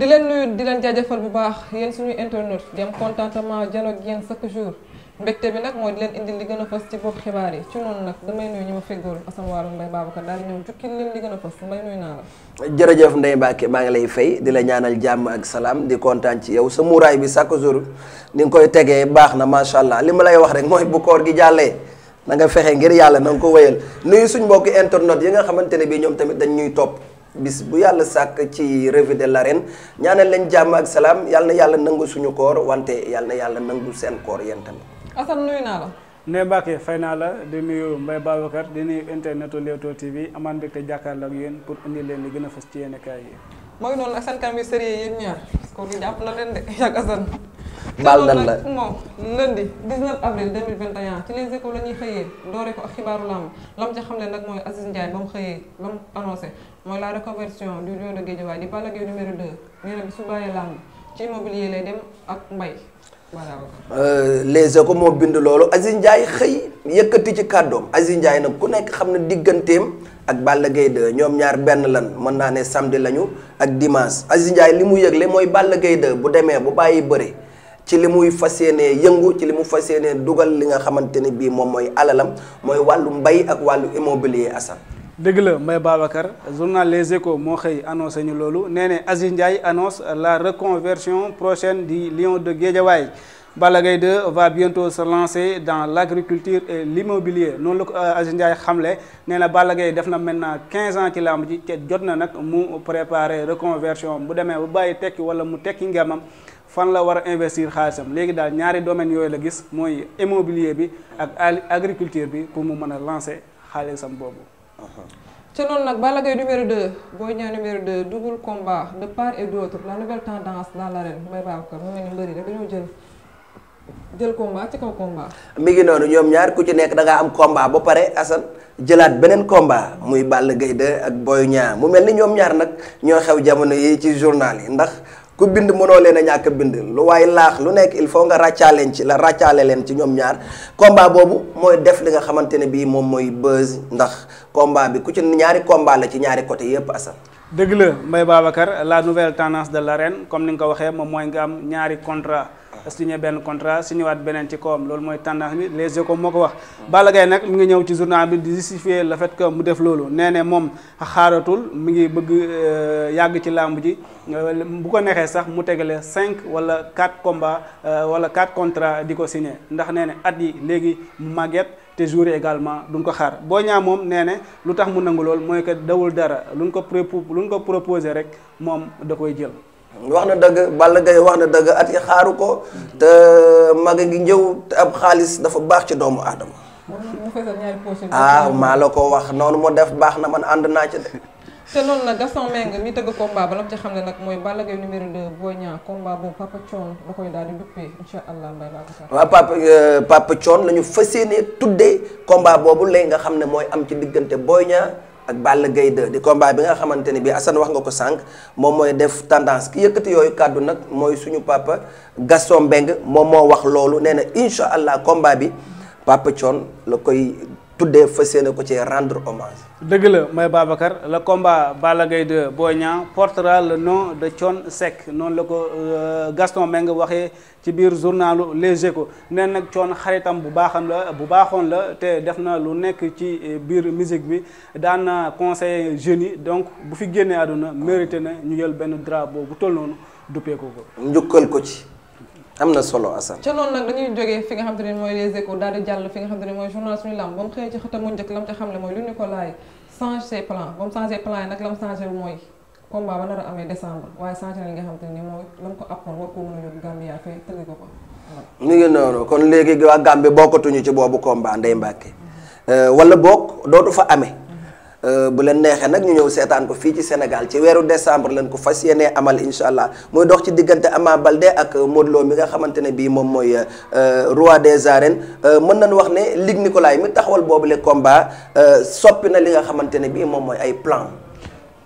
di leen nuyu di leen jaajëfal bu baax yéen suñu internet di am contentement dialogue ak yéen chaque jour mbégte bi nag mooy di leen indi li gën a fës ci bopp xibaar yi ci noonu nag damay nuyu ñu ma feggool Assane la. jërëjëf Ndeye maa ngi lay fay di la ñaanal jàmm ak salaam di kontaan ci yow sa muraay bi chaque jour ni nga koy tegee baax na macha allah li ma lay wax rek mooy bu koor gi jàllee. na nga fexe ngir yàlla na nga ko wéyal nuyu suñ mbokki internet yi nga xamante ne bii ñoom tamit dañ ñuy topp bis bu yàlla sàkk ci revue de l'arène ñaanal leen jàmm ak salaam yàlla na yàlla nangu suñu koor wante yàlla na yàlla nangu seen koor yéen tamit. Assane nuyu naa la. ne Mbacke fay naa la di nuyu Mbaye Babacar di nuyu internetu Leewtoo TV amaan mbégte jàkkaarloo ak yéen pour indi leen li gën a fës ci yéen kaay yi. mooy ak seen kanam yu sérieux yéen ñaar kooku jàpp na leen de yàgg Assane. baal nan la moom lundi 19 avril 2021 ci les écoles la xëyee doore ko ak xibaaru lamb lam ca xam ne nag mooy Aziz Ndiaye ba mu xëyee ba mu mooy la reconversion du lion de Guédiawaye di Balla Gaye numéro 2 nee na bi su bàyyee lamb ci immobilier lay dem ak mbay euh, les écoles moo bind loolu Aziz xëy yëkkati ci kàddoom Aziz nag ku nekk xam ne digganteem ak Balla Gaye 2 ñoom ñaar benn lan mën naa ne samedi lañu ak dimanche Aziz li mu yëgle mooy Balla Gaye bu demee bu bàyyi bëre ci li muy fas yéenee yëngu ci li mu fas yéenee dugal li nga xamante ni bii moom mooy alalam mooy wàllu mbay ak wàllu immobilier Assane. dëgg la Mbaye Babacar journal Les eco moo xëy annoncé loolu nee ne Aziz annonce la reconversion prochaine di Lion de Guédiawaye Balla de 2 va bientôt se lancer dans l'agriculture et l'immobilier noonu la ko euh, Aziz Ndiaye xamle nee na Balla def na maintenant 15 ans ci làmb ji jot na nag mu préparer reconversion bu demee bu bàyyi tekki wala mu tekki ngemam fan la war a investir xaalisam léegi daal ñaari domaines yooyu la gis mooy immobilier bi ak agriculture bi pour mu mën a lancer xaalisam boobu. Uh-huh. ca noonu nag Balla Gaye numéro 2 Boy Niang numéro de part et d'autre dañoo jël jël combat ci kaw combat. mi noonu ñoom ñaar ku ci nekk da ngaa am combat ba pare Assane jëlaat beneen combat muy Balla Gaye 2 ak Boy Niang mu mel ni ñoom ñaar nag ñoo xew jamono yi ci journal yi ndax. ku bind mënoo leen a ñàkk a bind lu waaye laax lu nekk il faut nga ràccaaleen ci la ràccaale leen ci ñoom ñaar combat boobu mooy def li nga xamante ne bii moom mooy buzz ndax combat bi ku ci ñaari combat la ci ñaari côté yëpp asal dëgg la Mbaye Babacar la nouvelle tendance de l'arène comme ni nga ko waxee moom mooy nga am ñaari contrat signé benn contrat signé waat beneen ci kawam loolu mooy tendance bi les échos moo ko wax bala Gaye nag mu ngi ñëw ci journal bi di justifier le fait que mu def loolu nee ne moom xaaratul mi ngi bëgg euh, yàgg ci làmb ji bu ko neexee sax mu tegale cinq wala quatre combats euh, wala quatre contra di ko signé ndax nee ne at yi léegi mu màgget te jour également duñ ko xaar boo ñaa moom nee ne lu tax mu nangu lool mooy que dawul dara luñ ko pré luñ ko proposé rek moom da koy jël wax na dëgg Balla gay wax na dëgg at yi xaaru ko te mag ngi njëw te ab xaalis dafa baax ci doomu aadama ah maa la ko wax noonu mu def baax na man ànd naa ci de te loolu nag Gaston Mbengue mi tëgg combat ba la ci xam ne nag mooy Balla Gaye numéro 2 Boy Niang combat boobu Papa Thione la koy daal di duppee euh, la ñu fas yéene tuddee combat boobu lay nga xam ne mooy am ci diggante Boy Niang ak Balla Gaye di combat bi nga xamante ni bii Assane wax nga ko sànq moom mooy def tendance ki yëkkati yooyu kàddu nag mooy suñu papa Gaston Mbengue moom moo wax loolu nee na incha allah combat bi papa Thione la koy tuddee fas yéene ko ci rendre hommage. dëgg la may Babacar la combat Balla Gaye 2 Boy la no de Thione Seck noonu la ko euh, Gaston Mbengue waxee ci biir journalu Les ko nee nag Thione xaritam bu baaxam la bu baaxoon la te def na lu nekk ci euh, biir musique bi daana conseil conseiller jeunes yi donc bu fi génne àdduna mérité na ñu jël benn drapeau bu toll noonu duppee ko. njukkal ko ci. am na solo Assane. ca loolu nag dañuy jógee fi nga xam te ne mooy les échos daal di jàll fi nga xam te ne mooy journal suñu lamb ba mu xëyee ci xëtam mu njëkk la mu ca xam ne mooy lu nag la mu changé mooy combat ba nar a amee décembre waaye changé na li nga xam te ne mooy la mu ko appoon war ko mën a yóbbu Gambia fee tëgg ko ko. ñu ngi noonu kon léegi waa Gambie bokkatuñu ci boobu combat Ndeye Mbacke mm-hmm. euh, wala boog du fa amee. Euh, bu leen neexee nag ñu ñëw seetaan ko fii ci Sénégal ci weeru décembre lañ ko fas yéenee amal incha allah muy dox ci diggante Ama Baldé ak Modou mi nga xamante ne bii moom mooy euh, roi des arènes euh, mën nañu wax ne Luc Nicolaï mi taxawal boobu boobule combat soppi na li nga xamante ne bii moom mooy ay plan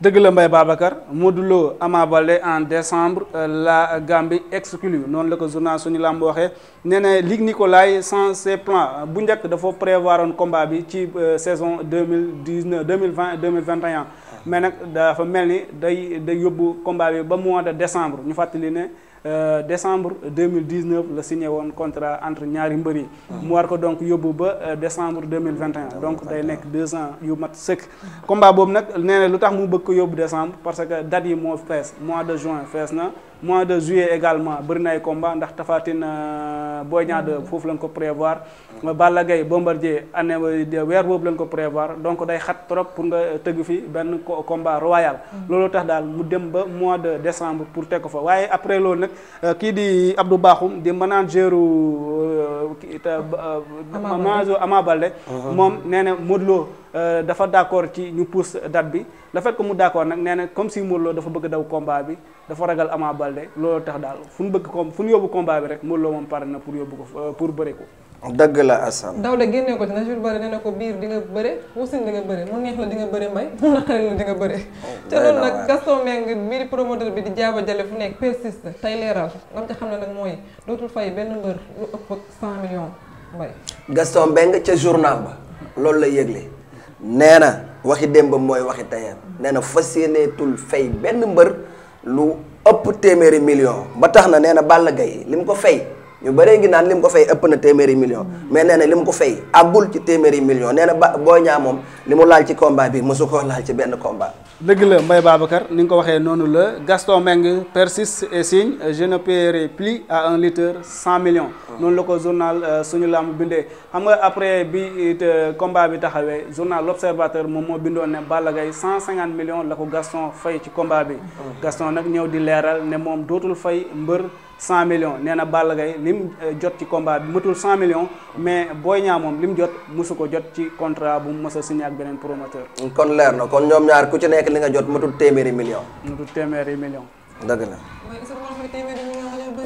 dëgg la Mbaye Babacar Modou amaabale en décembre euh, la Gambie exclue noonu la ko journal suñu làmb waxee nee na Luc Nicolaï sans ses plans bu njëkk dafa prévoir un bi ci euh, saison deux mille dix neuf deux mille vingt deux mille vingt et ah. mais nag dafa mel ni day day yóbbu combat bi ba mois de décembre ñu fàttali ne. Euh, décembre 2019 la signé woon contrat entre ñaari mbër yi ah. mu war ko donc yóbbu ba euh, décembre 2021 ah, donc day nekk deux ans yu mat sëkk combat boobu nag nee lu tax mu bëgg ko yóbbu décembre parce que date yi moo fees mois de juin fees na mois de juillet également bëri na ay combat ndax Tapha Tine euh, Boy Niang 2 foofu lañ ko prévoir Balla Gaye Bombardier année weer boobu lañ ko prévoir donc day xat trop pour nga tëgg fi benn combat royal mm. loolu tax daal mu dem ba mois de décembre pour teg ko fa waaye après loolu nag euh, kii di Abdou Bakhoum di manageru euh, euh, Ama Balde ah, ah, ah. moom nee na Modou Euh, dafa d'accord ci ñu pousse date bi le fait que mu d'accord nag nee na comme si Modou Lo dafa bëgg daw combat bi dafa ragal Ama Baldé looloo tax daal fu ñu bëgg ko fu ñu yóbbu combat bi rek Modou Lo na pour yóbbu ko euh, pour bëre ko. dëgg la Assane. Daouda génne ko ci na jur bëri na ko biir di nga bëre Woussine di nga bëre mu neex la di nga bëre mbay mu nga bëre. Oh, te loolu nag Gaston Mbengue bii bi di jaaba jale fu nekk persiste tey leeral lam xam ne nag mooy dootul fay benn mbër lu ëpp 100 millions ca journal ba loolu la yëgle. nee na waxi démbam mooy waxi tayam nee na fas yéeneetul fay benn mbër lu ëpp téeméeri million ba tax na nee na Balla Gaye li mu ko fay ñu bëree ngi naan li mu ko fay ëpp na téeméeri million mais nee na li mu ko fay àggul ci téeméeri million nee na ba Boy Niang moom li mu laal ci combat bi su ko laal ci benn komba dëgg la Mbaye Babacar ni nga ko waxee noonu la Gaston Mbengue persiste et signe je ne paierai plus à un litre cent million noonu la ko journal euh, suñu lamb bindee xam nga après bi euh, combat bi taxawee journal l'observateur moom moo bindoon ne Balla Gaye cent cinquante million la ko Gaston fay ci combat bi. Ah. Gaston nag ñëw di leeral ne moom dootul fay mbër. cent million nee na Balla Gaye lim euh, jot ci combat bi matul 100 millions mais Boy Niang moom lim jot mosu ko jot ci contrat bu mu mës a signé ak beneen promoteur. kon leer na kon ñoom ñaar ku ci nekk li nga jot matul téeméeri millions. matul téeméeri millions. dëgg la.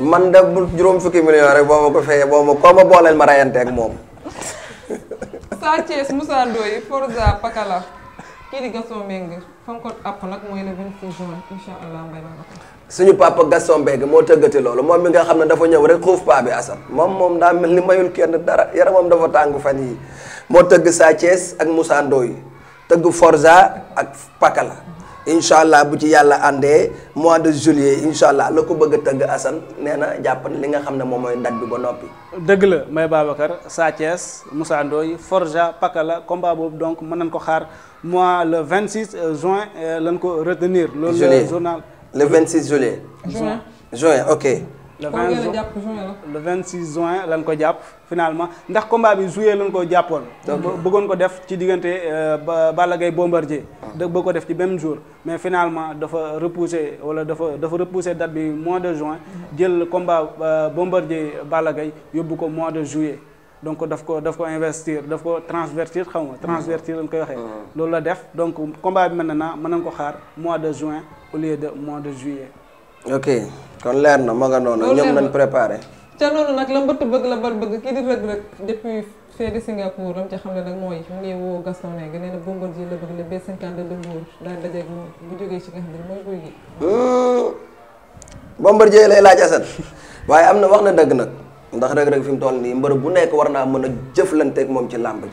man de bu juróom fukki millions rek boo ma ko fayee boo ma koo ma booleel ma rayante moom. Sa Thiès Moussa Ndoye Forza Pakala kii di Gaston Mbengue fa ko àpp nag mooy le 26 juin incha allah mbay ba suñu papa Gaston Mbengue moo tëggate loolu moom mi nga xam ne dafa ñëw rek xuuf paa bi asam moom moom daa mel ni mayul kenn dara yaramam dafa tàng fan yi moo tëgg Sa Thiès ak Moussa Ndoye tëgg Forza ak Pakala incha allah bu ci yàlla àndee mois de juillet incha allah la ko bëgg a tëgg Assane nee na jàpp li nga xam ne moom mooy ndaj bi ba noppi. dëgg la may Babacar Sa Thiès Moussa Ndoye Forja Pakala combat boobu donc mën nañ ko xaar mois le 26 juin euh, lañ ko retenir. loolu le 26 juillet. juin juin ok. le 20 juin le 26 juin lañ ko jàpp finalement ndax combat bi juillet lañ ko jàppoon. bëggoon ko def ci diggante euh, Balla Gaye Bombardier. Ah. da bëgg ko def ci même jour. mais finalement dafa repousser wala dafa dafa repousser date bi mois de juin jël combat euh, Bombardier Balla yóbbu ko mois de juillet. donc daf ko daf ko investir daf ko transvertir xaw nga transvertir lañ koy waxee. Uh-huh. loolu la def donc combat bi naa mën nañ ko xaar mois de juin au lieu de mois de juillet. ok kon leer na ma nga noonu. ñoom nañ préparé. ca noonu la mbëtt bëgg la bal bëgg kii di Reug Reug depuis xam ne nag mooy mu ngi woo Gaston Mbengue nee na bëngoon ji la B52 de Mbour daal dajeeg moom bu jógee ci nga xam ne mooy hmm. Bombardier lay laaj Assane waaye am na wax na dëgg nag. ndax Reug Reug fi mu toll nii mbër bu nekk war naa mën a jëflanteeg moom ci làmb ji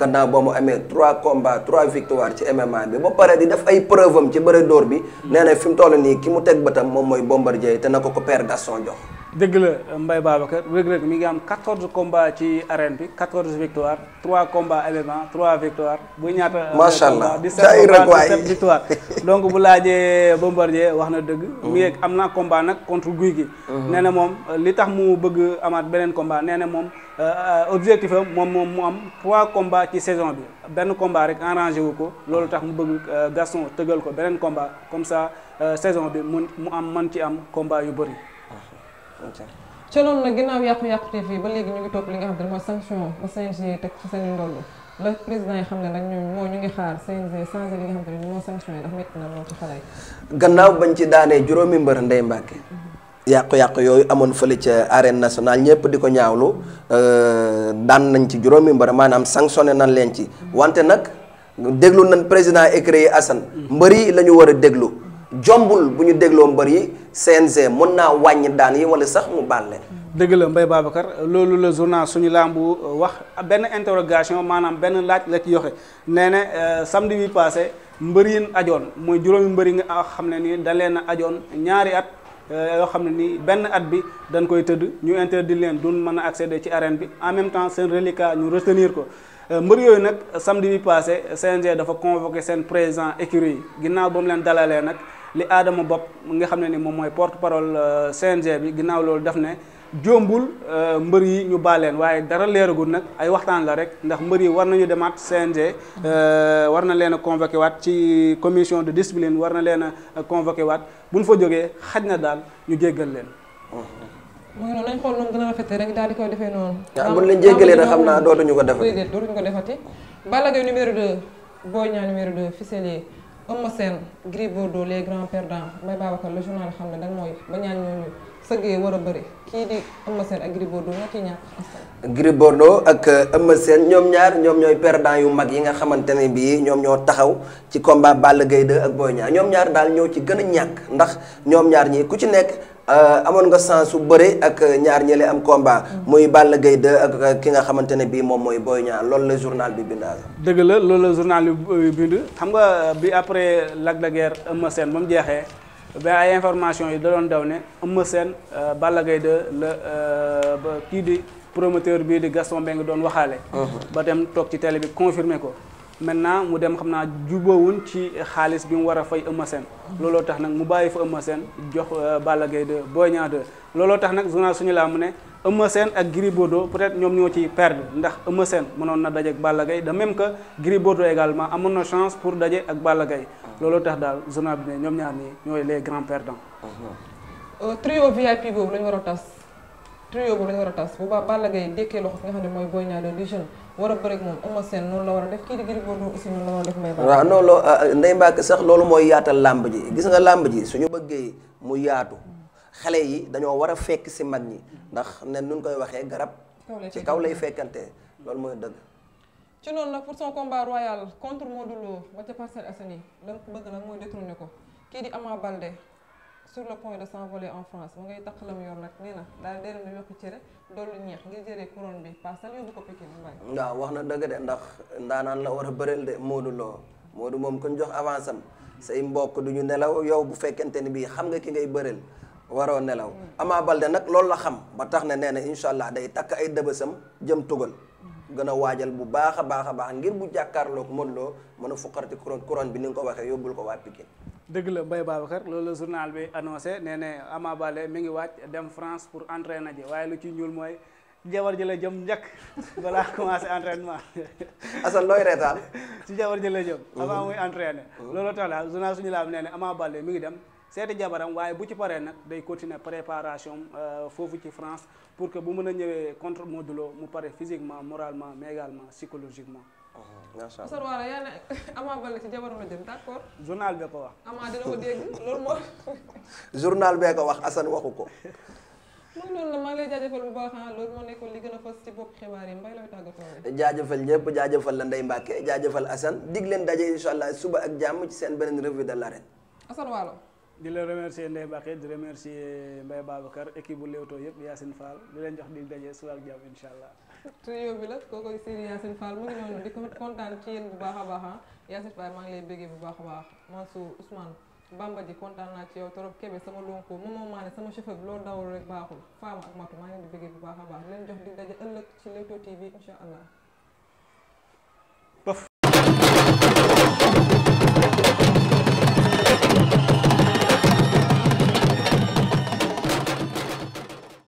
gannaaw boo mu amee trois combats trois victoires ci MMA bi ba pare di def ay preuve am ci bëre dóor bi nee na fi mu toll nii ki mu teg tam moom mooy bombar Bombardier te na ko ko père Gaston jox dëgg la Mbaye Babacar Reug Reug mi ngi am 14 combats ci arène bi 14 victoires 3 combats éléments 3 victoires bu ñaata. macha allah jaay rek waay 17 donc bu laajee Bombardier wax na dëgg. mu mm-hmm. yeeg am naa combat nag contre guy gi. Mm-hmm. nee na moom li tax mu bëgg amaat beneen combat nee na moom euh, euh, objectif am moom moom mu am 3 ci saison bi benn combat rek arrangé wu ko loolu tax mu bëgg euh, Gaston tëgal ko beneen combat comme ça saison bi mu mu am man ci am combat yu bëri. ca loolu nag ginnaaw yàqu-yàqu TV ba léegi ñu ngi topp li nga xam te ne mooy sanction teg ci seen ndoll la xam ne nag ñoom moo ñu ngi xaar CNG changé li nga xam ne mooy sanction yi ndax métti na lool ci gannaaw bañ ci daanee juróomi mbër Ndeye Mbacke mhm. yàqu-yàqu yooyu amoon fële ca arène national ñëpp di ko ñaawlu euh, daan nañ ci juróomi mbër maanaam sanctionné nañ leen ci mhm. wante nag déglu nañ président écrit yi Assane mhm. mbër yi la war a déglu jombul bu ñu dégloo mbër yi CNG mën naa wàññi daan yi wala sax mu baal leen. dëgg la mbay Babacar loolu la journal suñu bu wax benn interrogation maanaam benn laaj la ci yoxe nee na euh, samedi bi passé mbër yi ajoon mooy juróomi mbër yi nga xam ne nii da leen ajoon ñaari at. Euh, yoo xam ne nii benn at bi dan koy tëdd ñu interdit leen dun mën a accéder ci arène bi en même temps seen reliquat ñu retenir ko Euh, mbër yooyu nag samedi bi passé CNG dafa convoqué seen présent écurie yi ginnaaw ba mu leen dalalee nag li aadama Bopp mu nga xam ne ni moom mooy porte parole euh, CNG bi ginnaaw loolu daf ne jombul euh, mbër yi ñu leen waaye dara leeragul nag ay waxtaan la rek ndax mbër yi war nañu demaat CNG war na leen a waat ci commission de discipline war na leen a convoqué waat bu ñu fa jógee xaj na daal ñu jéggal leen oh, oh. mooy noonu nañ xool noonu gën a rafetee rek daal di koy defee noonu. waaw bu ñu leen jéggalee nag xam naa dootuñu ko defati. déedéet dootuñu ko defati. Balla Gaye numéro 2 Boy Niang numéro 2 ficelé Eumeu Sène Gris Bordeaux les grands perdants Mbaye Babacar xam ne danga mooy ba ñaan ñooñu sëggee bëri kii di Eumeu Sène ak Gris Bordeaux ñoo ciy ñàkk. Gris Bordeaux ak Eumeu seen ñoom ñaar ñoom ñooy perdants yu mag yi nga xamante ne bii ñoom ñoo taxaw ci combat Balla Gaye 2 ak Boy Niang ñoom ñaar daal ñoo ci gën a ñàkk ndax ñoom ñaar ñii ku ci nekk. Euh, amoon nga sens su bëre ak euh, ñaar ñële am combat. Mm. muy Balla Gaye 2 ak euh, ki nga xamante ne bii moom mooy Boy Niang loolu la journal bi bind. dëgg la loolu la journal bi bind xam nga bi après Lac de Guiers Eumeu Sène ba mu jeexee ba ay information yi da doon daw ne Eumeu Sène Balla Gaye 2 la ba kii di promoteur bii di Gaston Mbengue doon waxaale. Mm-hmm. ba dem toog ci tele bi confirmé ko. maintenant mu dem xam naa jubóowuñ ci xaalis bi mu war a fay Eumeu Sène looloo tax nag mu bàyyi fa Eumeu jox euh, Balla Gaye 2 Boy looloo tax nag journal suñu laa mu ne Eumeu Sène ak Gris Bordeaux peut-être ñoom ñoo ciy perdre ndax Eumeu Sène mënoon na daje ak Balla Gaye de même que Gris Bordeaux également amoon na chance pour daje ak Balla Gaye looloo tax daal journal bi ne ñoom ñaar nii ñooy les grands perdants. trio VIP boobu la ñu war trio boobu dañu war a tas bu baax Balla Gaye dékkee loxo fi nga xam ne mooy Boy Niang doon di jeune war a bëreeg moom Eumeu Sène noonu la war a def kii di Gris Bordeaux aussi noonu la war a ah, sax loolu mooy yaatal làmb ji gis nga làmb ji suñu bëggee mu yaatu xale yi dañoo war a fekk si mag ñi ndax ne nuñ koy waxee garab ci kaw lay fekkante loolu mooy dëgg ci noonu nag pour son combat royal contre Modou Lo ba ca Parcelles bëgg nag mooy détrôner ko kii di Ama Baldé sur le point de s'envoler en France mu ngay takk la mu yor nag nee na daal dee dem di yokk cere dollu ñeex ngir jëlee couronne bi paasal yóbbu ko Pikine Mbaye. wax na dëgg de ndax ndaanaan la war a bëreel de Modou Lo moom ku jox avance am say mbokk du ñu nelaw yow bu fekkente ni bii xam nga ki ngay bëreel waroo nelaw. Hmm. Ama Balde nag loolu la xam ba tax na nee na incha allah day takk ay dëbësam jëm tugal. Hmm. gën a waajal bu baax a baax a baax ngir bu jàkkaarloog Modou Lo mën a fuqarti couronne couronne bi ni nga ko waxee yóbbul ko waa Pikine dëgg la Mbaye Babacar loolu la journal bi annoncé nee ne Ama Baldé ngi waaj dem France pour entraîner ji waaye lu ci ñuul mooy jabar ji la jëm njëkk balaa commencé entraînement. asal looy reetaan. ci jabar ji la jëm. avant muy entraîner. loolu tax daal journal suñu laam nee ne Ama mi ngi dem. seeti jabaram waaye bu ci paree nag day continuer préparation euh, foofu ci France pour que bu mën a ñëwee contre Modou Lo mu pare physiquement moralement mais également psychologiquement. macha allah Sarwara yaa ne Ama Baldé ci jabaram la jëm d'accord. ko wax. Ama dina ko dégg loolu moo. journal bee ko wax Assane waxu ko. moom loolu la maa ngi lay jaajëfal bu baax ah, loolu moo nekkoon li gën a fës ci bopp xibaar yi mbay looy tàggatoo. jaajëfal ñëpp jaajëfal la ndey Mbacke jaajëfal Assane dig leen daje incha allah suba ak jàmm ci seen beneen revue de l'arène. Assane Waalo. di la remercier Ndeye Mbacke di remercier Mbaye Babacar équipe bu Leewtoo yëpp Yacine Fall di leen jox dig daje suba ak jàmm incha trio bi la kooku Sidi Yacine Fall mu ngi noonu di kontaan ci yéen bu baax a baax ah. Yacine Fall maa ngi lay béggee bu baax a baax Mansour Ousmane Bamba ji kontaan naa ci yow trop Kébé sama lonko moomoo maa ne sama chauffeur bi loolu dawul rek baaxul Fama ak Matu maa ngi leen di béggee bu baax a baax leen jox di daje ëllëg ci Leewtoo TV incha allah